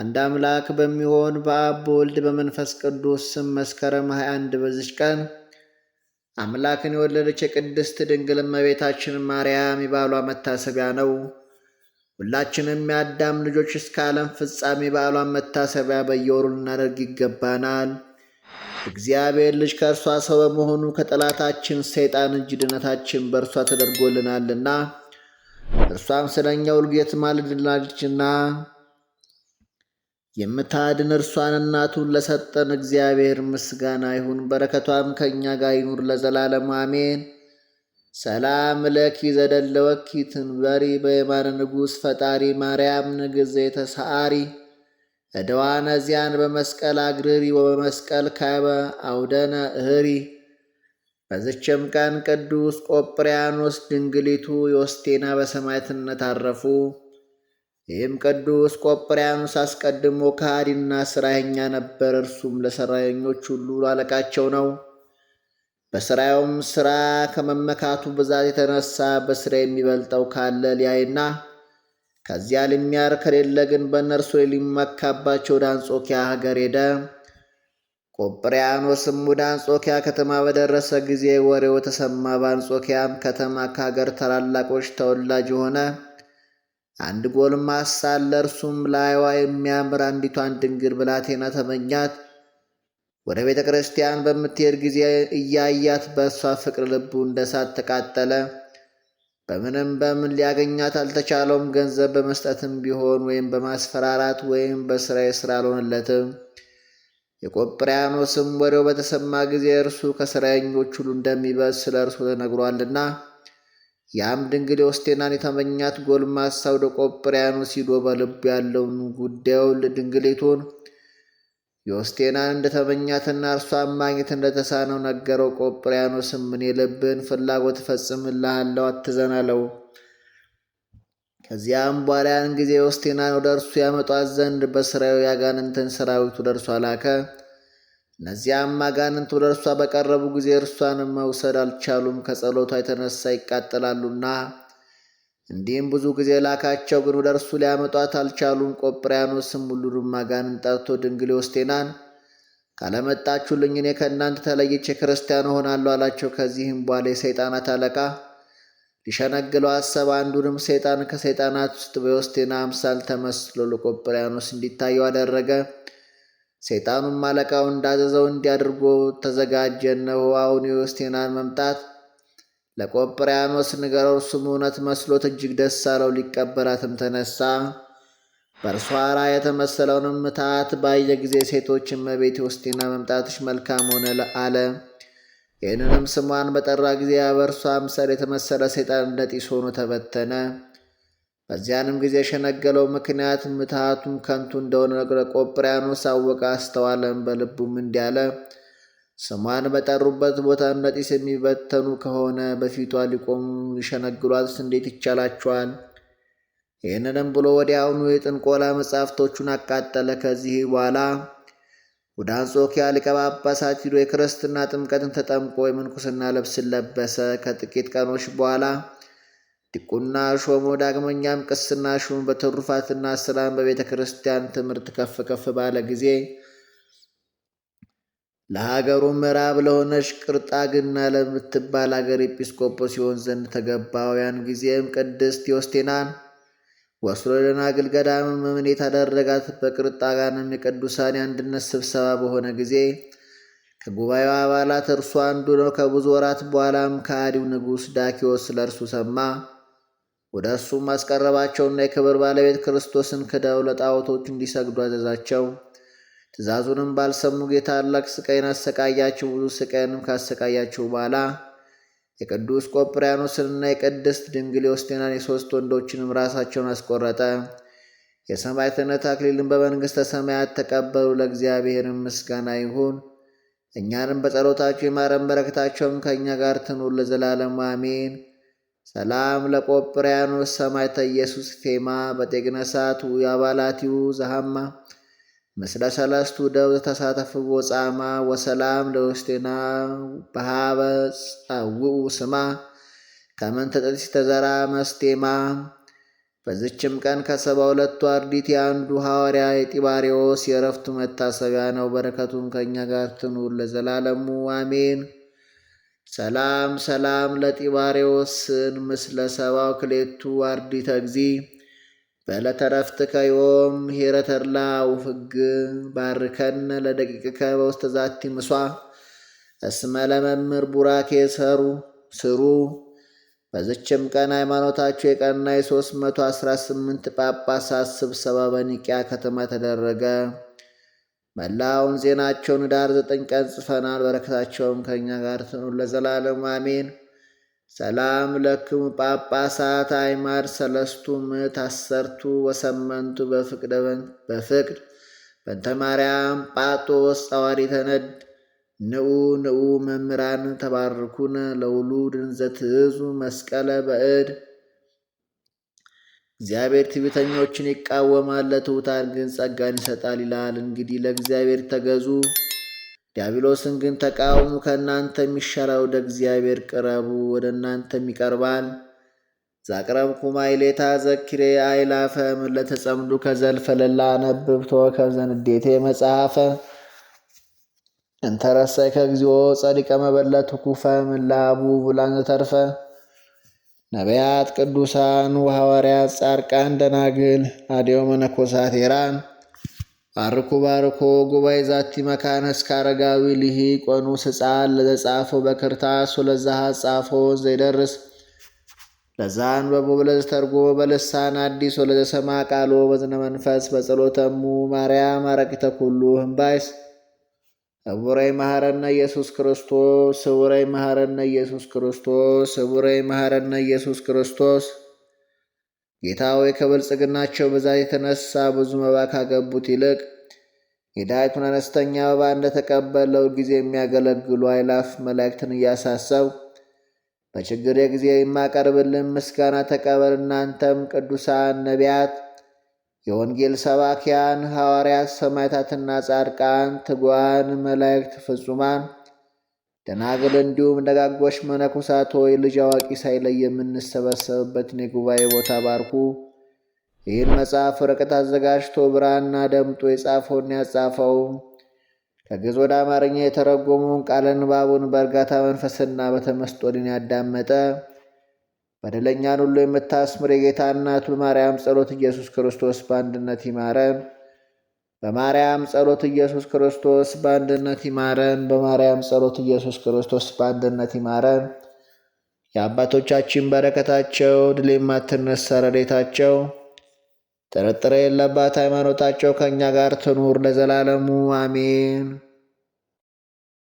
አንድ አምላክ በሚሆን በአብ በወልድ በመንፈስ ቅዱስ ስም መስከረም 21 በዚች ቀን አምላክን የወለደች የቅድስት ድንግል እመቤታችን ማርያም የባሏ መታሰቢያ ነው። ሁላችንም የአዳም ልጆች እስከ ዓለም ፍጻሜ በዓሏን መታሰቢያ በየወሩ ልናደርግ ይገባናል። እግዚአብሔር ልጅ ከእርሷ ሰው በመሆኑ ከጠላታችን ሰይጣን እጅ ድነታችን በእርሷ ተደርጎልናልና እርሷም ስለኛ ሁልጊዜ ትማልድናለችና የምታድን እርሷን እናቱን ለሰጠን እግዚአብሔር ምስጋና ይሁን። በረከቷም ከእኛ ጋር ይኑር ለዘላለም አሜን። ሰላም ለኪ ዘደለወኪ ትንበሪ በየማነ ንጉሥ ፈጣሪ ማርያም ንግዜተ ሰዓሪ እደዋነ ዚያን በመስቀል አግርሪ ወበመስቀል ካበ አውደነ እህሪ። በዝችም ቀን ቅዱስ ቆጵርያኖስ ድንግሊቱ ዮስቴና በሰማዕትነት አረፉ። ይህም ቅዱስ ቆጵርያኖስ አስቀድሞ ከሃዲና ሥራየኛ ነበር። እርሱም ለሠራየኞች ሁሉ አለቃቸው ነው። በሥራውም ሥራ ከመመካቱ ብዛት የተነሳ በሥራ የሚበልጠው ካለ ሊያይና ከዚያ ልሚያር ከሌለ ግን በእነርሱ ላይ ሊመካባቸው ወደ አንጾኪያ ሀገር ሄደ። ቆጵርያኖስም ወደ አንጾኪያ ከተማ በደረሰ ጊዜ ወሬው ተሰማ። በአንጾኪያም ከተማ ከሀገር ታላላቆች ተወላጅ የሆነ አንድ ጎልማሳ አለ። እርሱም ላይዋ የሚያምር አንዲቷን ድንግል ብላቴና ተመኛት። ወደ ቤተ ክርስቲያን በምትሄድ ጊዜ እያያት በእሷ ፍቅር ልቡ እንደ እሳት ተቃጠለ። በምንም በምን ሊያገኛት አልተቻለውም። ገንዘብ በመስጠትም ቢሆን ወይም በማስፈራራት ወይም በስራ ስራ አልሆነለትም። የቆጵሪያኖስም ወሬው በተሰማ ጊዜ እርሱ ከስራኞች ሁሉ እንደሚበዝ ስለ እርሱ ተነግሯልና ያም ድንግል የወስቴናን የተመኛት ጎልማሳ ወደ ቆጵርያኖስ ሂዶ በልብ ያለውን ጉዳዩን ድንግሊቱን የወስቴናን እንደተመኛትና እርሷን ማግኘት እንደተሳነው ነገረው። ቆጵርያኖስም ምን የልብን ፍላጎት እፈጽምልሃለሁ፣ አትዘናለው። ከዚያም በኋላ ያን ጊዜ የወስቴናን ወደ እርሱ ያመጧት ዘንድ በስራዊ ያጋንንትን ሰራዊቱ ደርሷ ላከ። እነዚያም አጋንንት ወደ እርሷ በቀረቡ ጊዜ እርሷን መውሰድ አልቻሉም፣ ከጸሎቷ የተነሳ ይቃጠላሉና። እንዲህም ብዙ ጊዜ ላካቸው፣ ግን ወደ እርሱ ሊያመጧት አልቻሉም። ቆጵሪያኖስም ሁሉንም አጋንንት ጠርቶ ድንግል ዮስቴናን ካለመጣችሁልኝ እኔ ከእናንተ ተለይቼ ክርስቲያን እሆናለሁ አላቸው። ከዚህም በኋላ የሰይጣናት አለቃ ሊሸነግለው አሰብ። አንዱንም ሰይጣን ከሰይጣናት ውስጥ በዮስቴና አምሳል ተመስሎ ለቆጵሪያኖስ እንዲታየው አደረገ። ሰይጣኑም አለቃው እንዳዘዘው እንዲያድርጎ ተዘጋጀ። እነሆ አሁን የዮስቴናን መምጣት ለቆጵርያኖስ ንገረው፣ እርሱም እውነት መስሎት እጅግ ደስ አለው። ሊቀበላትም ተነሳ። በእርሷ ራእይ የተመሰለውንም ምትሃት ባየ ጊዜ ሴቶች እመቤቴ ዮስቴና መምጣትሽ መልካም ሆነ አለ። ይህንንም ስሟን በጠራ ጊዜ በእርሷ አምሳል የተመሰለ ሰይጣን እንደ ጢስ ሆኖ ተበተነ። በዚያንም ጊዜ የሸነገለው ምክንያት ምትሃቱም ከንቱ እንደሆነ ቆጵርያኖስ አወቀ፣ አስተዋለም። በልቡም እንዲያለ ስሟን በጠሩበት ቦታ እንደ ጢስ የሚበተኑ ከሆነ በፊቷ ሊቆሙ ሊሸነግሏት እንዴት ይቻላቸዋል? ይህንንም ብሎ ወዲያውኑ የጥንቆላ መጻሕፍቶቹን አቃጠለ። ከዚህ በኋላ ወደ አንጾኪያ ሊቀ ጳጳሳት ሂዶ የክርስትና ጥምቀትን ተጠምቆ የምንኩስና ልብስን ለበሰ። ከጥቂት ቀኖች በኋላ ዲቁና ሾሞ ዳግመኛም ቅስና ሹም በትሩፋትና ስራም በቤተ ክርስቲያን ትምህርት ከፍ ከፍ ባለ ጊዜ ለሀገሩ ምዕራብ ለሆነች ቅርጣግና ለምትባል አገር ኤጲስቆጶስ ሲሆን ዘንድ ተገባው። ያን ጊዜም ቅድስት ቴዎስቴናን ወስዶ ደናግል ገዳም የታደረጋት አደረጋት። በቅርጣጋንም የቅዱሳን የአንድነት ስብሰባ በሆነ ጊዜ ከጉባኤው አባላት እርሱ አንዱ ነው። ከብዙ ወራት በኋላም ከአዲው ንጉሥ ዳኪዎስ ለእርሱ ሰማ። ወደ እርሱም አስቀረባቸውና የክብር ባለቤት ክርስቶስን ክደው ለጣዖቶች እንዲሰግዱ አዘዛቸው። ትእዛዙንም ባልሰሙ ጌታ ታላቅ ስቃይን አሰቃያቸው። ብዙ ስቃይንም ካሰቃያቸው በኋላ የቅዱስ ቆጵሪያኖስንና የቅድስት ድንግል ዮስቴናን የሦስት ወንዶችንም ራሳቸውን አስቆረጠ። የሰማዕትነት አክሊልን በመንግሥተ ሰማያት ተቀበሉ። ለእግዚአብሔርም ምስጋና ይሁን። እኛንም በጸሎታቸው የማረን በረከታቸውም ከእኛ ጋር ትኑር ለዘላለሙ አሜን። ሰላም ለቆጵርያኖስ ሰማዕተ ኢየሱስ ፌማ በጤግነሳቱ የአባላቲው ዘሃማ ምስለ ሰለስቱ ደው ተሳተፍዎ ጻማ ወሰላም ለውስቴና በሃበ ጸውኡ ስማ ከመንተ ጥጢስ ተዘራ መስቴማ። በዝችም ቀን ከሰባ ሁለቱ አርዲት የአንዱ ሐዋርያ የጢባሪዎስ የእረፍቱ መታሰቢያ ነው። በረከቱም ከእኛ ጋር ትኑር ለዘላለሙ አሜን። ሰላም ሰላም ለጢባሬዎስን ምስለ ሰባው ክሌቱ አርዲተ እግዚ በለተረፍት ከዮም ሄረተርላ ውፍግ ባርከን ለደቂቅ በውስተ ዛቲ ምሷ እስመ ለመምህር ቡራኬ ሰሩ ስሩ። በዝችም ቀን ሃይማኖታቸው የቀና የ318 ጳጳሳት ስብሰባ በኒቅያ ከተማ ተደረገ። መላውን ዜናቸውን ኅዳር ዘጠኝ ቀን ጽፈናል። በረከታቸውም ከእኛ ጋር ትኑ ለዘላለም አሜን። ሰላም ለክሙ ጳጳሳት አይማድ ሰለስቱ ምዕት አሰርቱ ወሰመንቱ በፍቅድ በንተ ማርያም ጳጦስ ጸዋሪ ተነድ ንዑ ንዑ መምህራን ተባርኩን ለውሉድ እንዘትእዙ መስቀለ በእድ እግዚአብሔር ትዕቢተኞችን ይቃወማል፣ ለትሑታን ግን ጸጋን ይሰጣል ይላል። እንግዲህ ለእግዚአብሔር ተገዙ፣ ዲያብሎስን ግን ተቃውሙ። ከእናንተ የሚሻለው ወደ እግዚአብሔር ቅረቡ፣ ወደ እናንተም ይቀርባል። ዛቅረብኩ ማይሌታ ዘኪሬ አይላፈም ለተጸምዱ ከዘልፈ ለላ ነብብ ተወከብ መጽሐፈ እንተረሳይ ከግዚኦ ጸዲቀ መበለትኩፈ ምላቡ ቡላን ተርፈ ነቢያት፣ ቅዱሳን፣ ሐዋርያት፣ ጻድቃን፣ ደናግል፣ አዲዮ መነኮሳት ሄራን ባርኩ ባርኮ ጉባኤ ዛቲ መካነ እስከ አረጋዊ ልሂቅ ወኑስ ሕፃን ለዘጻፎ በክርታስ ወለዛሃ ጻፎ ዘይደርስ ለዛ አንበቦ ለዘተርጎ በልሳን አዲስ ወለዘሰማ ቃሎ በዝነ መንፈስ በጸሎተሙ ማርያም አረቂተ ኩሉ ህምባይስ ቡረይ መሐረነ ኢየሱስ ክርስቶስ ቡረይ መሐረነ ኢየሱስ ክርስቶስ ቡረይ መሐረነ ኢየሱስ ክርስቶስ። ጌታ ሆይ ከብልጽግናቸው ብዛት የተነሳ ብዙ መባ ካገቡት ይልቅ የዳዊቱን አነስተኛ መባ እንደተቀበለው ጊዜ የሚያገለግሉ አይላፍ መላእክትን እያሳሰብ በችግር ጊዜ የማቀርብልን ምስጋና ተቀበል። እናንተም ቅዱሳን ነቢያት የወንጌል ሰባኪያን ሐዋርያት፣ ሰማዕታትና ጻድቃን፣ ትጓን መላእክት፣ ፍጹማን ደናግል እንዲሁም ደጋጎች መነኮሳት ሆይ ልጅ አዋቂ ሳይለይ የምንሰበሰብበትን የጉባኤ ቦታ ባርኩ። ይህን መጽሐፍ ወረቀት አዘጋጅቶ ብራና ደምጦ የጻፈውን ያጻፈው ከግዕዝ ወደ አማርኛ የተረጎመውን ቃለ ንባቡን በእርጋታ መንፈስና በተመስጦ ያዳመጠ በደለኛን ሁሉ የምታስምር የጌታ እናቱ በማርያም ጸሎት ኢየሱስ ክርስቶስ በአንድነት ይማረን። በማርያም ጸሎት ኢየሱስ ክርስቶስ በአንድነት ይማረን። በማርያም ጸሎት ኢየሱስ ክርስቶስ በአንድነት ይማረን። የአባቶቻችን በረከታቸው ድል የማትነሳ ረድኤታቸው ጥርጥር የለባት ሃይማኖታቸው ከእኛ ጋር ትኑር ለዘላለሙ አሜን።